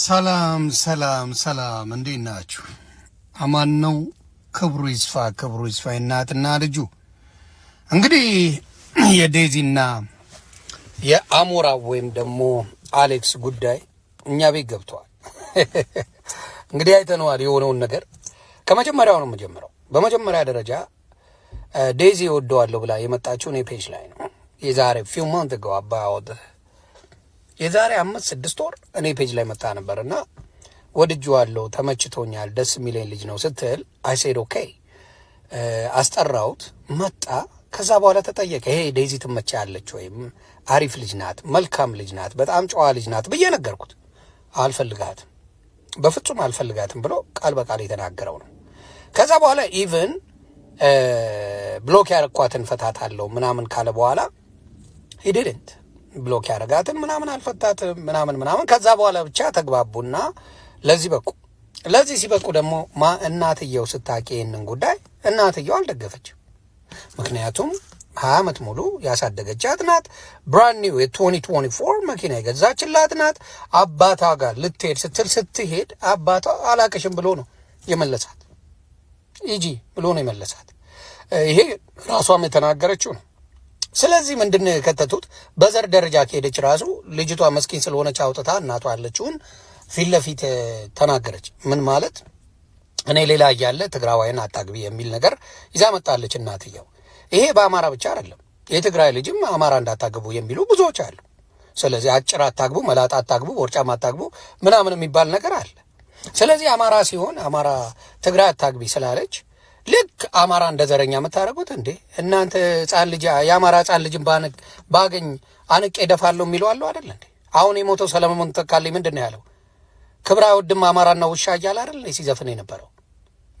ሰላም ሰላም ሰላም፣ እንዴት ናችሁ? አማን ነው። ክብሩ ይስፋ፣ ክብሩ ይስፋ። እናትና ልጁ እንግዲህ የዴዚና የአሞራ ወይም ደግሞ አሌክስ ጉዳይ እኛ ቤት ገብተዋል። እንግዲህ አይተነዋል የሆነውን ነገር። ከመጀመሪያው ነው የምጀምረው። በመጀመሪያ ደረጃ ዴዚ እወደዋለሁ ብላ የመጣችው እኔ ፔጅ ላይ ነው የዛሬ ፊው ማንት የዛሬ አምስት ስድስት ወር እኔ ፔጅ ላይ መጣ ነበር እና ወድጄዋለሁ፣ ተመችቶኛል፣ ደስ የሚለኝ ልጅ ነው ስትል አይሴድ ኦኬ አስጠራሁት፣ መጣ። ከዛ በኋላ ተጠየቀ። ይሄ ዴዚ ትመቻለች ወይም አሪፍ ልጅ ናት፣ መልካም ልጅ ናት፣ በጣም ጨዋ ልጅ ናት ብዬ ነገርኩት። አልፈልጋትም፣ በፍጹም አልፈልጋትም ብሎ ቃል በቃል የተናገረው ነው። ከዛ በኋላ ኢቭን ብሎክ ያረኳትን ፈታታለሁ ምናምን ካለ በኋላ ሂድድንት ብሎክ ያደረጋትን ምናምን አልፈታትም ምናምን ምናምን። ከዛ በኋላ ብቻ ተግባቡና ለዚህ በቁ። ለዚህ ሲበቁ ደግሞ ማ እናትየው ስታቂ ይህንን ጉዳይ እናትየው አልደገፈችም። ምክንያቱም ሀያ ዓመት ሙሉ ያሳደገቻት ናት። ብራንድ ኒው የ2024 መኪና የገዛችላት ናት። አባቷ ጋር ልትሄድ ስትል ስትሄድ አባቷ አላቅሽም ብሎ ነው የመለሳት። ሂጂ ብሎ ነው የመለሳት። ይሄ ራሷም የተናገረችው ነው። ስለዚህ ምንድን የከተቱት በዘር ደረጃ ከሄደች ራሱ ልጅቷ መስኪን ስለሆነች አውጥታ እናቷ ያለችውን ፊት ለፊት ተናገረች። ምን ማለት እኔ ሌላ እያለ ትግራዋይን አታግቢ የሚል ነገር ይዛ መጣለች እናትየው። ይሄ በአማራ ብቻ አይደለም፣ የትግራይ ልጅም አማራ እንዳታግቡ የሚሉ ብዙዎች አሉ። ስለዚህ አጭር አታግቡ፣ መላጣ አታግቡ፣ ወርጫም አታግቡ ምናምን የሚባል ነገር አለ። ስለዚህ አማራ ሲሆን አማራ ትግራይ አታግቢ ስላለች ልክ አማራ እንደ ዘረኛ የምታደርጉት እንዴ እናንተ ህጻን ልጅ የአማራ ህጻን ልጅን ባገኝ አንቄ ደፋለሁ የሚለው አለው አደለ እንዴ? አሁን የሞተው ሰለሞን ተካልኝ ምንድን ነው ያለው? ክብረ ወድም አማራና ውሻ እያለ አደለ ሲዘፍን የነበረው?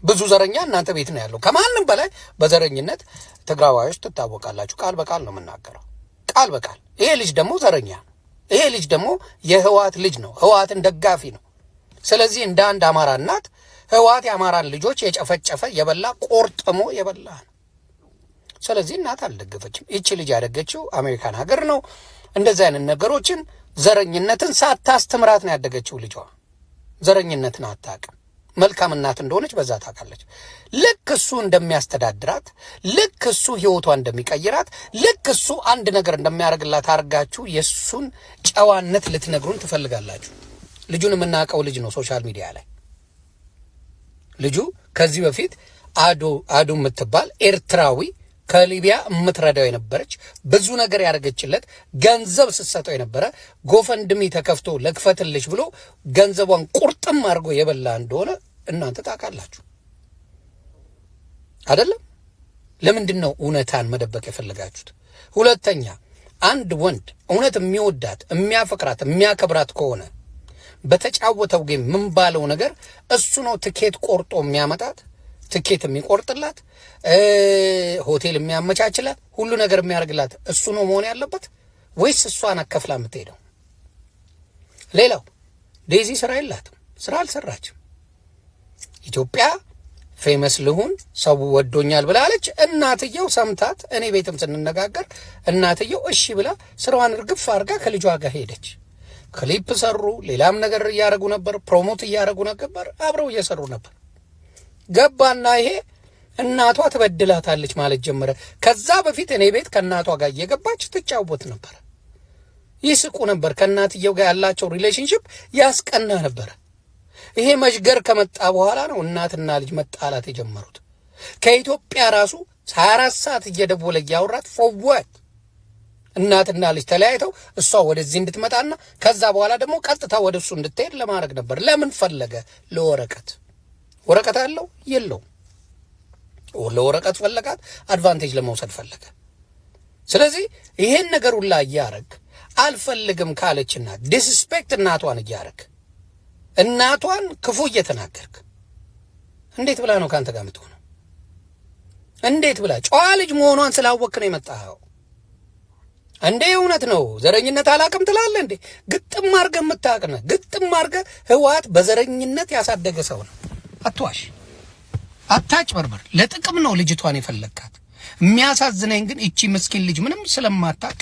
ብዙ ዘረኛ እናንተ ቤት ነው ያለው። ከማንም በላይ በዘረኝነት ትግራዋዮች ትታወቃላችሁ። ቃል በቃል ነው የምናገረው፣ ቃል በቃል ይሄ ልጅ ደግሞ ዘረኛ ይሄ ልጅ ደግሞ የህወሓት ልጅ ነው፣ ህወሓትን ደጋፊ ነው። ስለዚህ እንደ አንድ አማራ እናት ህወሓት የአማራን ልጆች የጨፈጨፈ የበላ ቆርጥሞ የበላ ነው። ስለዚህ እናት አልደገፈችም። ይቺ ልጅ ያደገችው አሜሪካን ሀገር ነው። እንደዚህ አይነት ነገሮችን ዘረኝነትን ሳታስተምራት ነው ያደገችው። ልጇ ዘረኝነትን አታውቅም። መልካም እናት እንደሆነች በዛ ታውቃለች። ልክ እሱ እንደሚያስተዳድራት፣ ልክ እሱ ህይወቷ እንደሚቀይራት፣ ልክ እሱ አንድ ነገር እንደሚያደርግላት አድርጋችሁ የእሱን ጨዋነት ልትነግሩን ትፈልጋላችሁ። ልጁን የምናውቀው ልጅ ነው ሶሻል ሚዲያ ላይ ልጁ ከዚህ በፊት አዶ አዶ የምትባል ኤርትራዊ ከሊቢያ የምትረዳው የነበረች ብዙ ነገር ያደረገችለት ገንዘብ ስትሰጠው የነበረ ጎፈንድሚ ተከፍቶ ለክፈትልሽ ብሎ ገንዘቧን ቁርጥም አድርጎ የበላ እንደሆነ እናንተ ታውቃላችሁ አይደለም? ለምንድን ነው እውነታን መደበቅ የፈለጋችሁት? ሁለተኛ አንድ ወንድ እውነት የሚወዳት የሚያፈቅራት የሚያከብራት ከሆነ በተጫወተው ጌም ምን ባለው ነገር እሱ ነው ትኬት ቆርጦ የሚያመጣት ትኬት የሚቆርጥላት ሆቴል የሚያመቻችላት ሁሉ ነገር የሚያደርግላት እሱ ነው መሆን ያለበት ወይስ እሷን አከፍላ የምትሄደው? ሌላው ዴዚ ስራ የላትም፣ ስራ አልሰራችም። ኢትዮጵያ ፌመስ ልሁን ሰው ወዶኛል ብላለች። እናትየው ሰምታት፣ እኔ ቤትም ስንነጋገር እናትየው እሺ ብላ ስራዋን እርግፍ አድርጋ ከልጇ ጋር ሄደች። ክሊፕ ሰሩ፣ ሌላም ነገር እያደረጉ ነበር፣ ፕሮሞት እያደረጉ ነበር፣ አብረው እየሰሩ ነበር። ገባና ይሄ እናቷ ትበድላታለች ማለት ጀመረ። ከዛ በፊት እኔ ቤት ከእናቷ ጋር እየገባች ትጫወት ነበር፣ ይስቁ ነበር። ከእናትየው ጋር ያላቸው ሪሌሽንሽፕ ያስቀና ነበረ። ይሄ መሽገር ከመጣ በኋላ ነው እናትና ልጅ መጣላት የጀመሩት። ከኢትዮጵያ ራሱ 24 ሰዓት እየደወለ እያወራት ፎዋት እናትና ልጅ ተለያይተው እሷ ወደዚህ እንድትመጣና ከዛ በኋላ ደግሞ ቀጥታ ወደ እሱ እንድትሄድ ለማድረግ ነበር። ለምን ፈለገ? ለወረቀት። ወረቀት አለው የለው? ለወረቀት ፈለጋት። አድቫንቴጅ ለመውሰድ ፈለገ። ስለዚህ ይሄን ነገር ሁላ እያረግ አልፈልግም ካለችና ዲስስፔክት እናቷን እያረግ እናቷን ክፉ እየተናገርክ እንዴት ብላ ነው ከአንተ ጋር የምትሆነው? እንዴት ብላ ጨዋ ልጅ መሆኗን ስላወክ ነው የመጣኸው። እንዴ እውነት ነው። ዘረኝነት አላቅም ትላለ እንዴ? ግጥም አርገ የምታቅነ ግጥም አርገ ህወሓት በዘረኝነት ያሳደገ ሰው ነው። አትዋሽ፣ አታጭበርበር። ለጥቅም ነው ልጅቷን የፈለግካት። የሚያሳዝነኝ ግን እቺ ምስኪን ልጅ ምንም ስለማታቅ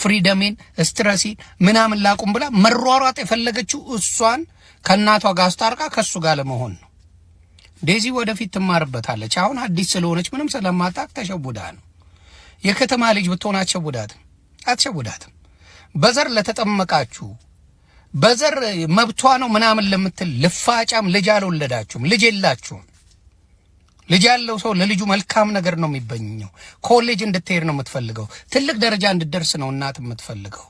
ፍሪደሜን ስትረሲን ምናምን ላቁም ብላ መሯሯጥ የፈለገችው እሷን ከእናቷ ጋር አስታርቃ ከእሱ ጋር ለመሆን ነው። ዴዚ ወደፊት ትማርበታለች። አሁን አዲስ ስለሆነች ምንም ስለማታቅ ተሸቡዳ ነው። የከተማ ልጅ ብትሆን አትሸቡዳትም። አትሸውዳትም። በዘር ለተጠመቃችሁ በዘር መብቷ ነው ምናምን ለምትል ልፋጫም ልጅ አልወለዳችሁም፣ ልጅ የላችሁም። ልጅ ያለው ሰው ለልጁ መልካም ነገር ነው የሚበኘው። ኮሌጅ እንድትሄድ ነው የምትፈልገው። ትልቅ ደረጃ እንድደርስ ነው እናት የምትፈልገው።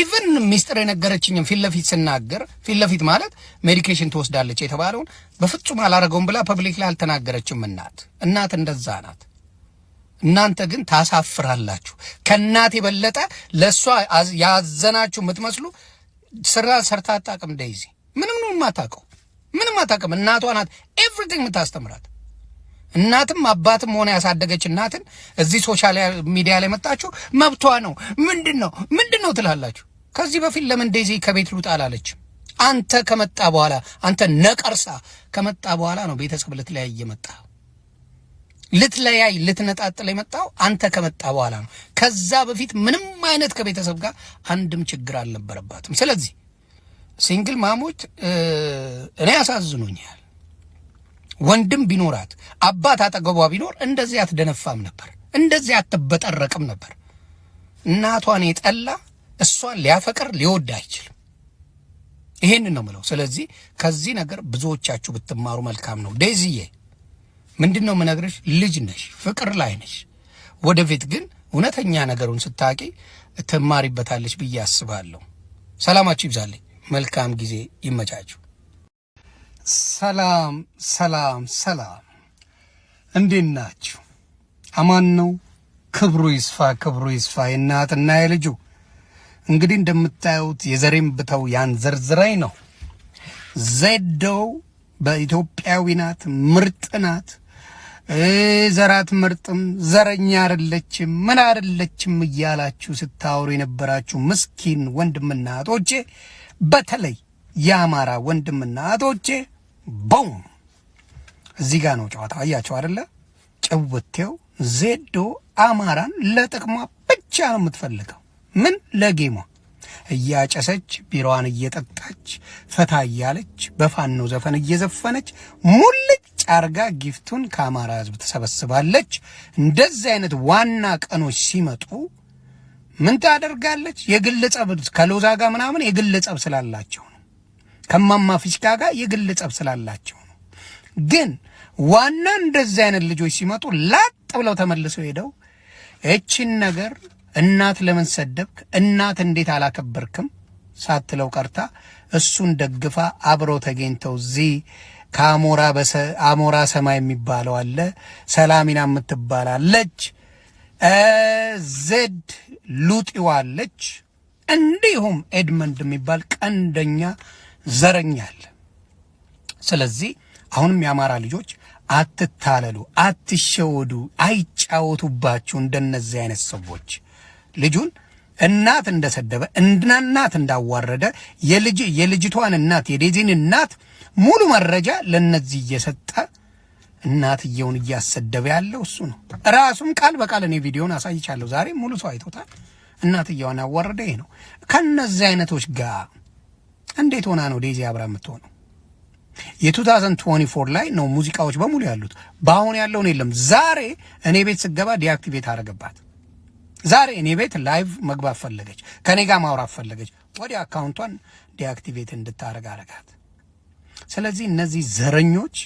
ኢቨን ሚስጥር የነገረችኝም ፊት ለፊት ስናገር ፊት ለፊት ማለት ሜዲኬሽን ትወስዳለች የተባለውን በፍጹም አላረገውም ብላ ፐብሊክ ላይ አልተናገረችም። እናት እናት እንደዛ ናት። እናንተ ግን ታሳፍራላችሁ። ከእናት የበለጠ ለእሷ ያዘናችሁ የምትመስሉ ስራ ሰርታ አታውቅም። ዴይዚ ምንም ነው የማታውቀው፣ ምንም አታውቅም። እናቷ ናት ኤቭሪቲንግ የምታስተምራት። እናትም አባትም ሆነ ያሳደገች እናትን እዚህ ሶሻል ሚዲያ ላይ መጣችሁ መብቷ ነው ምንድን ነው ምንድን ነው ትላላችሁ። ከዚህ በፊት ለምን ዴይዚ ከቤት ልውጣ አላለችም? አንተ ከመጣ በኋላ አንተ ነቀርሳ ከመጣ በኋላ ነው ቤተሰብ ልትለያይ መጣ። ልትለያይ ልትነጣጥል የመጣው አንተ ከመጣ በኋላ ነው። ከዛ በፊት ምንም አይነት ከቤተሰብ ጋር አንድም ችግር አልነበረባትም። ስለዚህ ሲንግል ማሞች እኔ ያሳዝኑኛል ወንድም ቢኖራት አባት አጠገቧ ቢኖር እንደዚህ አትደነፋም ነበር፣ እንደዚህ አትበጠረቅም ነበር። እናቷን የጠላ እሷን ሊያፈቅር ሊወድ አይችልም። ይሄንን ነው ምለው። ስለዚህ ከዚህ ነገር ብዙዎቻችሁ ብትማሩ መልካም ነው ዴዚዬ ምንድን ነው የምነግርሽ? ልጅ ነሽ፣ ፍቅር ላይ ነሽ። ወደፊት ግን እውነተኛ ነገሩን ስታቂ ትማሪበታለች ብዬ አስባለሁ። ሰላማችሁ ይብዛልኝ። መልካም ጊዜ ይመቻችሁ። ሰላም ሰላም ሰላም፣ እንዴት ናችሁ? አማን ነው። ክብሩ ይስፋ፣ ክብሩ ይስፋ የእናትና የልጁ እንግዲህ እንደምታዩት የዘሬም ብተው ያን ነው ዘደው በኢትዮጵያዊ ናት፣ ምርጥ ናት። ዘራት ምርጥም ዘረኛ አይደለችም ምን አይደለችም እያላችሁ ስታወሩ የነበራችሁ ምስኪን ወንድምና እህቶቼ፣ በተለይ የአማራ ወንድምና እህቶቼ በውም እዚህ ጋር ነው ጨዋታ። አያቸው አደለ ጭውቴው ዜዶ አማራን ለጥቅሟ ብቻ ነው የምትፈልገው። ምን ለጌሟ እያጨሰች ቢሮዋን እየጠጣች ፈታ እያለች በፋኖ ዘፈን እየዘፈነች ሙልጭ አርጋ ጊፍቱን ከአማራ ህዝብ ትሰበስባለች። እንደዚህ አይነት ዋና ቀኖች ሲመጡ ምን ታደርጋለች? የግል ጸብ ከሎዛ ጋር ምናምን የግል ጸብ ስላላቸው ነው። ከማማ ፊሽካ ጋር የግል ጸብ ስላላቸው ነው። ግን ዋና እንደዚህ አይነት ልጆች ሲመጡ ላጥ ብለው ተመልሰው ሄደው እቺን ነገር እናት ለምን ሰደብክ፣ እናት እንዴት አላከበርክም ሳትለው ቀርታ እሱን ደግፋ አብረው ተገኝተው እዚህ ከአሞራ አሞራ ሰማይ የሚባለው አለ። ሰላሚና የምትባላለች ዜድ ሉጢዋ አለች። እንዲሁም ኤድመንድ የሚባል ቀንደኛ ዘረኛ አለ። ስለዚህ አሁንም የአማራ ልጆች አትታለሉ፣ አትሸወዱ፣ አይጫወቱባችሁ እንደነዚህ አይነት ሰዎች ልጁን እናት እንደሰደበ እናት እንዳዋረደ የልጅቷን እናት የዴዚን እናት ሙሉ መረጃ ለነዚህ እየሰጠ እናትየውን እያሰደበ ያለው እሱ ነው። ራሱም ቃል በቃል እኔ ቪዲዮን አሳይቻለሁ። ዛሬ ሙሉ ሰው አይቶታል። እናትየዋን ያወረደ ይሄ ነው። ከነዚህ አይነቶች ጋር እንዴት ሆና ነው ዴዚ አብራ የምትሆነው? የ2024 ላይ ነው ሙዚቃዎች በሙሉ ያሉት። በአሁን ያለውን የለም። ዛሬ እኔ ቤት ስገባ ዲአክቲቬት አረገባት። ዛሬ እኔ ቤት ላይቭ መግባት ፈለገች፣ ከኔ ጋር ማውራት ፈለገች። ወዲያ አካውንቷን ዲአክቲቬት እንድታረግ አረጋት። ስለዚህ እነዚህ ዘረኞች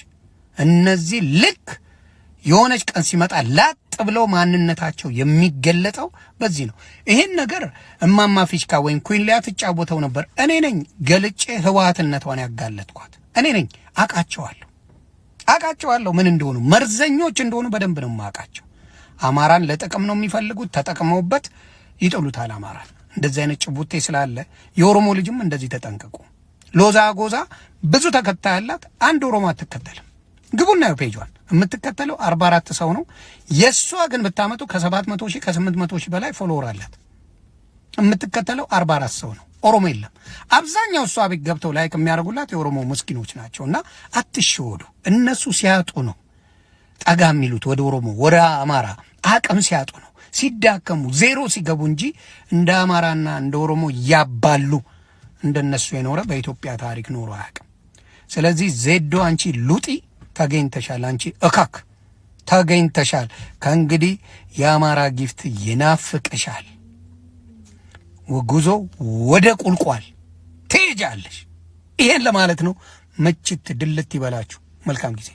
እነዚህ ልክ የሆነች ቀን ሲመጣ ላጥ ብለው ማንነታቸው የሚገለጠው በዚህ ነው። ይህን ነገር እማማ ፊሽካ ወይም ኩን ሊያ ትጫወተው ነበር። እኔ ነኝ ገልጬ ህወሓትነቷን ያጋለጥኳት እኔ ነኝ። አቃቸዋለሁ አቃቸዋለሁ ምን እንደሆኑ መርዘኞች እንደሆኑ በደንብ ነው የማውቃቸው። አማራን ለጥቅም ነው የሚፈልጉት። ተጠቅመውበት ይጥሉታል አማራን። እንደዚህ አይነት ጭቡቴ ስላለ የኦሮሞ ልጅም እንደዚህ ተጠንቀቁ። ሎዛ ጎዛ ብዙ ተከታይ ያላት አንድ ኦሮሞ አትከተልም። ግቡና ፔጇን የምትከተለው አርባ አራት ሰው ነው። የእሷ ግን ብታመጡ ከሰባት መቶ ሺህ ከስምንት መቶ ሺህ በላይ ፎሎወር አላት። የምትከተለው አርባ አራት ሰው ነው። ኦሮሞ የለም። አብዛኛው እሷ ቤት ገብተው ላይክ የሚያደርጉላት የኦሮሞ ምስኪኖች ናቸው። እና አትሸወዱ። እነሱ ሲያጡ ነው ጠጋ የሚሉት ወደ ኦሮሞ ወደ አማራ አቅም ሲያጡ ነው ሲዳከሙ ዜሮ ሲገቡ እንጂ እንደ አማራና እንደ ኦሮሞ ያባሉ እንደነሱ የኖረ በኢትዮጵያ ታሪክ ኖሮ አያውቅም። ስለዚህ ዜዶ አንቺ ሉጢ ተገኝተሻል፣ አንቺ እካክ ተገኝተሻል። ከእንግዲህ የአማራ ጊፍት ይናፍቅሻል። ጉዞ ወደ ቁልቋል ትሄጃለሽ። ይሄን ለማለት ነው። ምችት ድልት ይበላችሁ። መልካም ጊዜ